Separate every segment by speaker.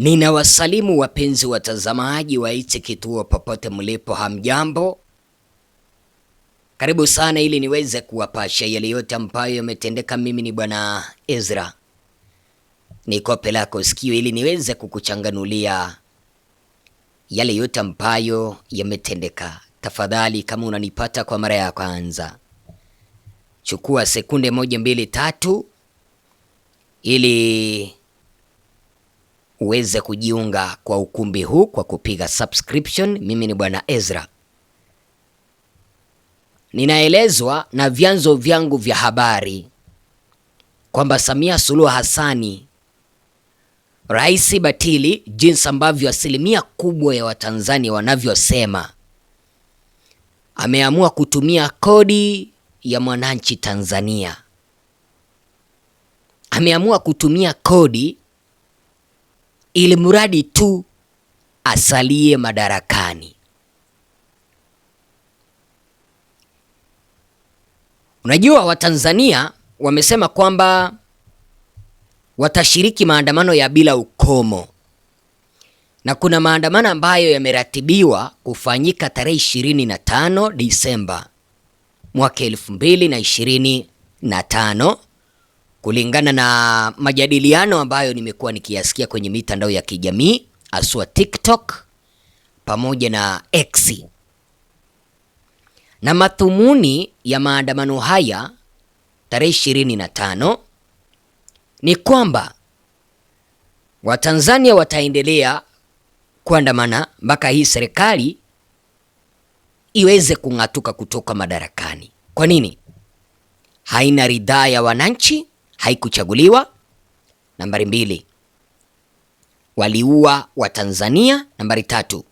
Speaker 1: Ninawasalimu wapenzi watazamaji wa hichi kituo popote mlipo, hamjambo? Karibu sana ili niweze kuwapasha yale yote ambayo yametendeka. Mimi ni bwana Ezra, niko lako sikio ili niweze kukuchanganulia yale yote ambayo yametendeka. Tafadhali, kama unanipata kwa mara ya kwanza, chukua sekunde moja, mbili, tatu ili uweze kujiunga kwa ukumbi huu kwa kupiga subscription. Mimi ni Bwana Ezra. Ninaelezwa na vyanzo vyangu vya habari kwamba Samia Suluhu hasani rais batili, jinsi ambavyo asilimia kubwa ya Watanzania wanavyosema, ameamua kutumia kodi ya mwananchi Tanzania, ameamua kutumia kodi ili mradi tu asalie madarakani. Unajua, Watanzania wamesema kwamba watashiriki maandamano ya bila ukomo, na kuna maandamano ambayo yameratibiwa kufanyika tarehe 25 Disemba mwaka 2025. Kulingana na majadiliano ambayo nimekuwa nikiyasikia kwenye mitandao ya kijamii aswa TikTok pamoja na X, na madhumuni ya maandamano haya tarehe 25 ni kwamba Watanzania wataendelea kuandamana mpaka hii serikali iweze kung'atuka kutoka madarakani. Kwa nini? Haina ridhaa ya wananchi haikuchaguliwa. Nambari mbili, waliua Watanzania. Nambari tatu,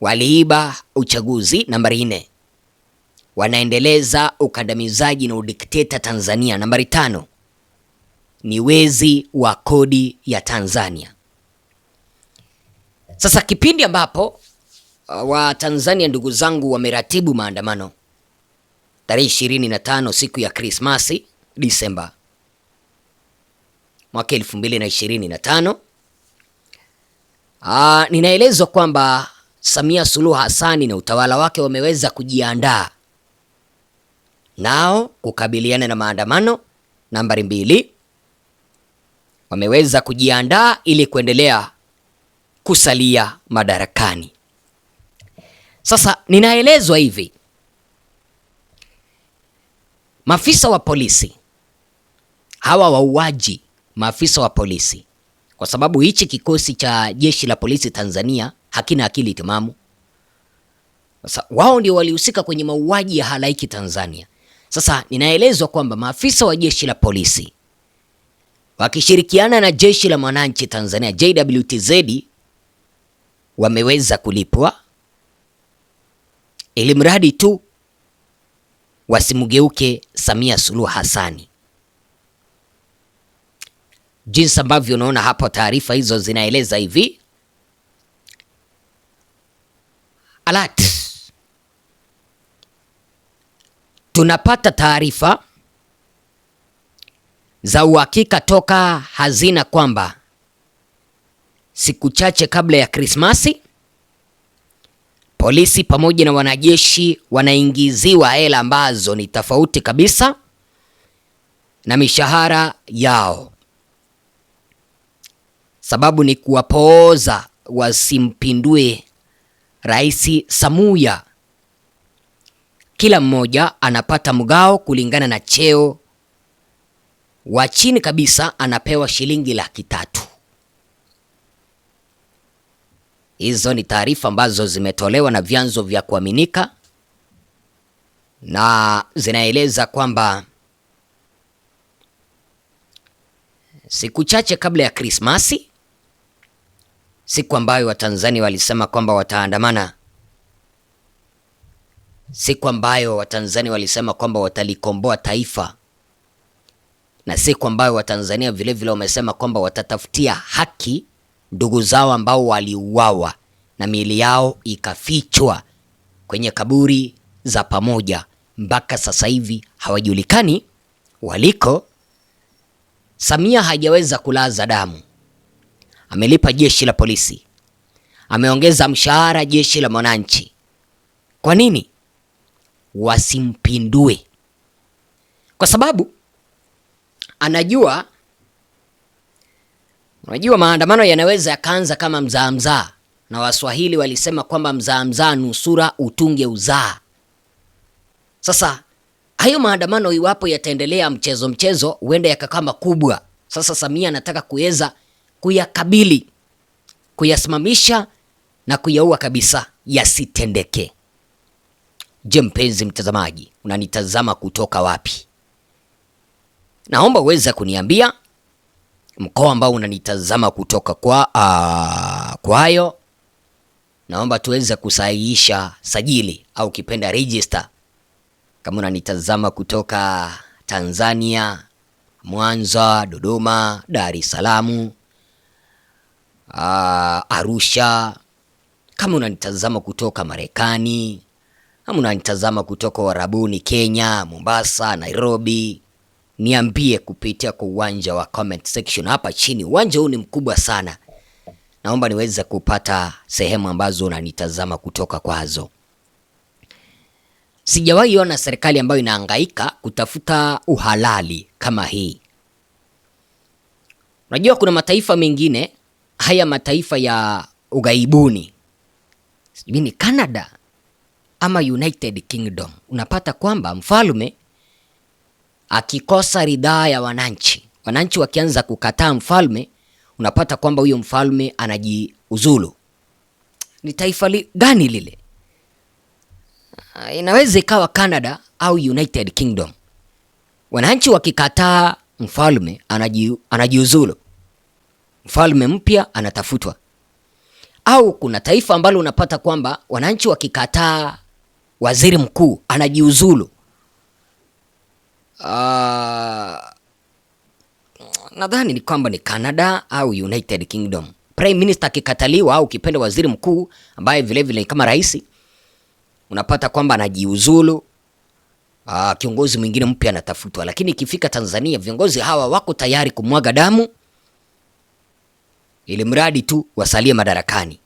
Speaker 1: waliiba uchaguzi. Nambari nne, wanaendeleza ukandamizaji na udikteta Tanzania. Nambari tano, ni wezi wa kodi ya Tanzania. Sasa kipindi ambapo uh, Watanzania ndugu zangu wameratibu maandamano tarehe 25 siku ya Krismasi Disemba mwaka 2025. Ah, ninaelezwa kwamba Samia Suluhu Hassan na utawala wake wameweza kujiandaa nao kukabiliana na maandamano nambari mbili. Wameweza kujiandaa ili kuendelea kusalia madarakani. Sasa ninaelezwa hivi, maafisa wa polisi hawa wauaji maafisa wa polisi, kwa sababu hichi kikosi cha jeshi la polisi Tanzania hakina akili timamu. Sasa wao ndio walihusika kwenye mauaji ya halaiki Tanzania. Sasa ninaelezwa kwamba maafisa wa jeshi la polisi wakishirikiana na jeshi la mwananchi Tanzania JWTZ wameweza kulipwa ili mradi tu wasimgeuke Samia Suluhu Hassani. Jinsi ambavyo unaona hapo, taarifa hizo zinaeleza hivi: alert, tunapata taarifa za uhakika toka hazina kwamba siku chache kabla ya Krismasi polisi pamoja na wanajeshi wanaingiziwa hela ambazo ni tofauti kabisa na mishahara yao. Sababu ni kuwapooza wasimpindue Rais samuya Kila mmoja anapata mgao kulingana na cheo. Wa chini kabisa anapewa shilingi laki tatu. Hizo ni taarifa ambazo zimetolewa na vyanzo vya kuaminika na zinaeleza kwamba siku chache kabla ya Krismasi siku ambayo Watanzania walisema kwamba wataandamana, siku ambayo Watanzania walisema kwamba watalikomboa taifa, na siku ambayo Watanzania vilevile wamesema kwamba watatafutia haki ndugu zao ambao waliuawa na miili yao ikafichwa kwenye kaburi za pamoja, mpaka sasa hivi hawajulikani waliko. Samia hajaweza kulaza damu amelipa jeshi la polisi, ameongeza mshahara jeshi la mwananchi. Kwa nini wasimpindue? Kwa sababu anajua, unajua maandamano yanaweza yakaanza kama mzaa mzaa, na Waswahili walisema kwamba mzaa mzaa nusura utunge uzaa. Sasa hayo maandamano iwapo yataendelea mchezo mchezo, huenda yakakaa makubwa. Sasa Samia anataka kuweza kuyakabili, kuyasimamisha na kuyaua kabisa yasitendeke. Je, mpenzi mtazamaji, unanitazama kutoka wapi? Naomba uweze kuniambia mkoa ambao unanitazama kutoka kwa kwayo. Naomba tuweze kusahihisha sajili au kipenda register, kama unanitazama kutoka Tanzania, Mwanza, Dodoma, Dar es Salaam, uh, Arusha, kama unanitazama kutoka Marekani ama unanitazama kutoka Warabuni Kenya, Mombasa, Nairobi, niambie kupitia kwa uwanja wa comment section hapa chini. Uwanja huu ni mkubwa sana, naomba niweze kupata sehemu ambazo unanitazama kutoka kwazo. Sijawahi ona serikali ambayo inahangaika kutafuta uhalali kama hii. Unajua kuna mataifa mengine haya mataifa ya ughaibuni, sijui ni Canada ama United Kingdom, unapata kwamba mfalme akikosa ridhaa ya wananchi, wananchi wakianza kukataa mfalme, unapata kwamba huyo mfalme anajiuzulu. Ni taifa li, gani lile? Inaweza ikawa Canada au United Kingdom. Wananchi wakikataa mfalme anaji, anajiuzulu mfalme mpya anatafutwa, au kuna taifa ambalo unapata kwamba wananchi wakikataa waziri mkuu anajiuzulu. Uh, nadhani ni kwamba ni Canada au United Kingdom. Prime Minister akikataliwa au ukipenda waziri mkuu ambaye vilevile vile kama rais unapata kwamba anajiuzulu. Uh, kiongozi mwingine mpya anatafutwa, lakini ikifika Tanzania viongozi hawa wako tayari kumwaga damu ili mradi tu wasalie madarakani.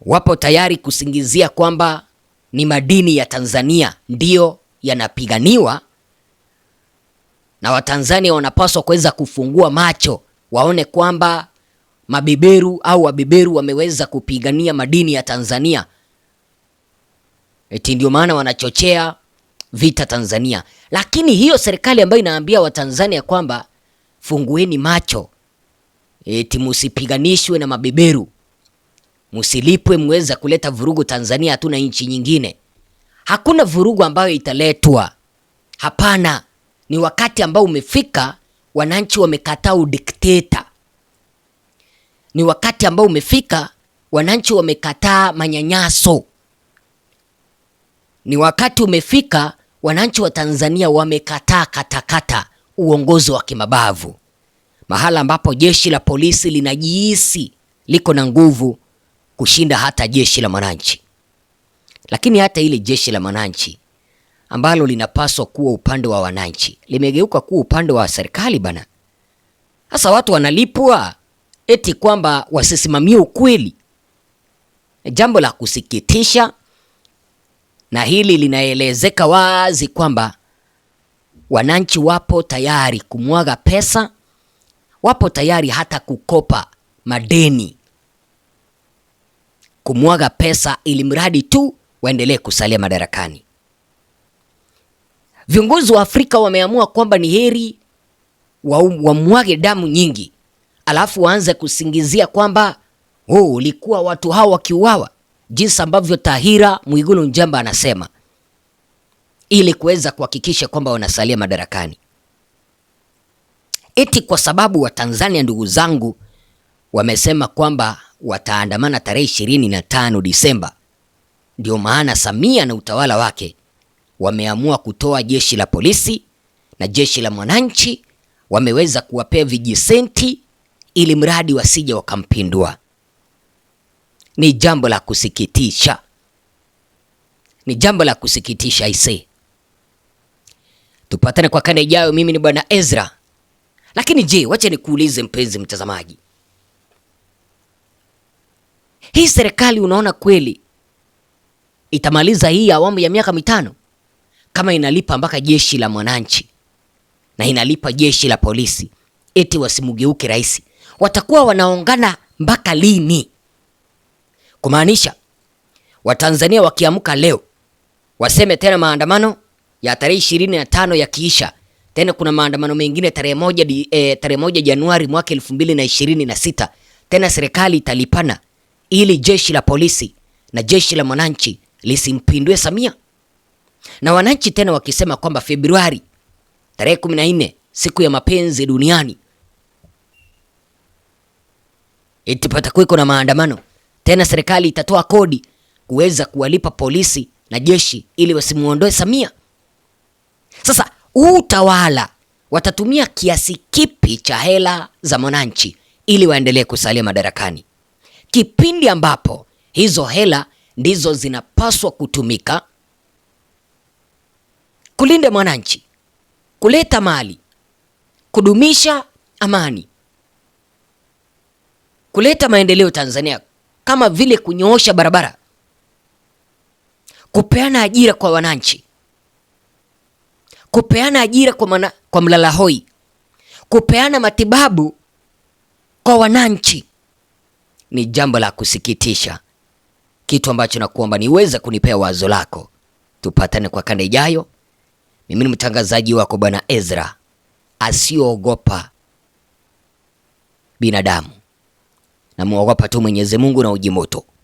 Speaker 1: Wapo tayari kusingizia kwamba ni madini ya Tanzania ndiyo yanapiganiwa, na Watanzania wanapaswa kuweza kufungua macho waone kwamba mabeberu au wabeberu wameweza kupigania madini ya Tanzania. Eti ndio maana wanachochea vita Tanzania. Lakini hiyo serikali ambayo inaambia Watanzania kwamba fungueni macho eti musipiganishwe na mabeberu, musilipwe, mweza kuleta vurugu Tanzania, hatuna nchi nyingine. Hakuna vurugu ambayo italetwa, hapana. Ni wakati ambao umefika, wananchi wamekataa udikteta. Ni wakati ambao umefika, wananchi wamekataa manyanyaso. Ni wakati umefika, wananchi wa Tanzania wamekataa katakata uongozi wa kimabavu mahala ambapo jeshi la polisi linajihisi liko na nguvu kushinda hata jeshi la mwananchi Lakini hata ile jeshi la mwananchi ambalo linapaswa kuwa upande wa wananchi limegeuka kuwa upande wa serikali bana. Sasa watu wanalipwa eti kwamba wasisimamie ukweli. Jambo la kusikitisha, na hili linaelezeka wazi kwamba wananchi wapo tayari kumwaga pesa wapo tayari hata kukopa madeni, kumwaga pesa ili mradi tu waendelee kusalia madarakani. Viongozi wa Afrika wameamua kwamba ni heri wamwage wa damu nyingi, alafu waanze kusingizia kwamba oh, ulikuwa watu hao wakiuawa, jinsi ambavyo Tahira Mwigulu Njamba anasema, ili kuweza kuhakikisha kwamba wanasalia madarakani eti kwa sababu Watanzania ndugu zangu wamesema kwamba wataandamana tarehe ishirini na tano Disemba, ndio maana Samia na utawala wake wameamua kutoa jeshi la polisi na jeshi la mwananchi, wameweza kuwapea vijisenti ili mradi wasije wakampindua. Ni jambo la kusikitisha, ni jambo la kusikitisha. Ise, tupatane kwa kanda ijayo. Mimi ni Bwana Ezra. Lakini je, wacha nikuulize mpenzi mtazamaji, hii serikali unaona kweli itamaliza hii awamu ya miaka mitano kama inalipa mpaka jeshi la mwananchi na inalipa jeshi la polisi, eti wasimugeuke rais? Watakuwa wanaongana mpaka lini? Kumaanisha Watanzania wakiamka leo waseme tena maandamano ya tarehe ishirini na tano yakiisha tena kuna maandamano mengine tarehe moja, e, tarehe moja Januari mwaka elfu mbili na ishirini na sita. Tena serikali italipana ili jeshi la polisi na jeshi la mwananchi lisimpindue Samia, na wananchi tena wakisema kwamba Februari tarehe nne siku ya mapenzi duniani itipata kuiko na maandamano tena, serikali itatoa kodi kuweza kuwalipa polisi na jeshi ili wasimuondoe Samia. Sasa huu utawala watatumia kiasi kipi cha hela za mwananchi ili waendelee kusalia madarakani, kipindi ambapo hizo hela ndizo zinapaswa kutumika kulinda mwananchi, kuleta mali, kudumisha amani, kuleta maendeleo Tanzania, kama vile kunyoosha barabara, kupeana ajira kwa wananchi, kupeana ajira kwa, mana, kwa mlala hoi, kupeana matibabu kwa wananchi ni jambo la kusikitisha, kitu ambacho nakuomba niweza kunipea wazo lako. Tupatane kwa kanda ijayo. Mimi ni mtangazaji wako Bwana Ezra asiyoogopa binadamu, namwogopa tu Mwenyezi Mungu na ujimoto.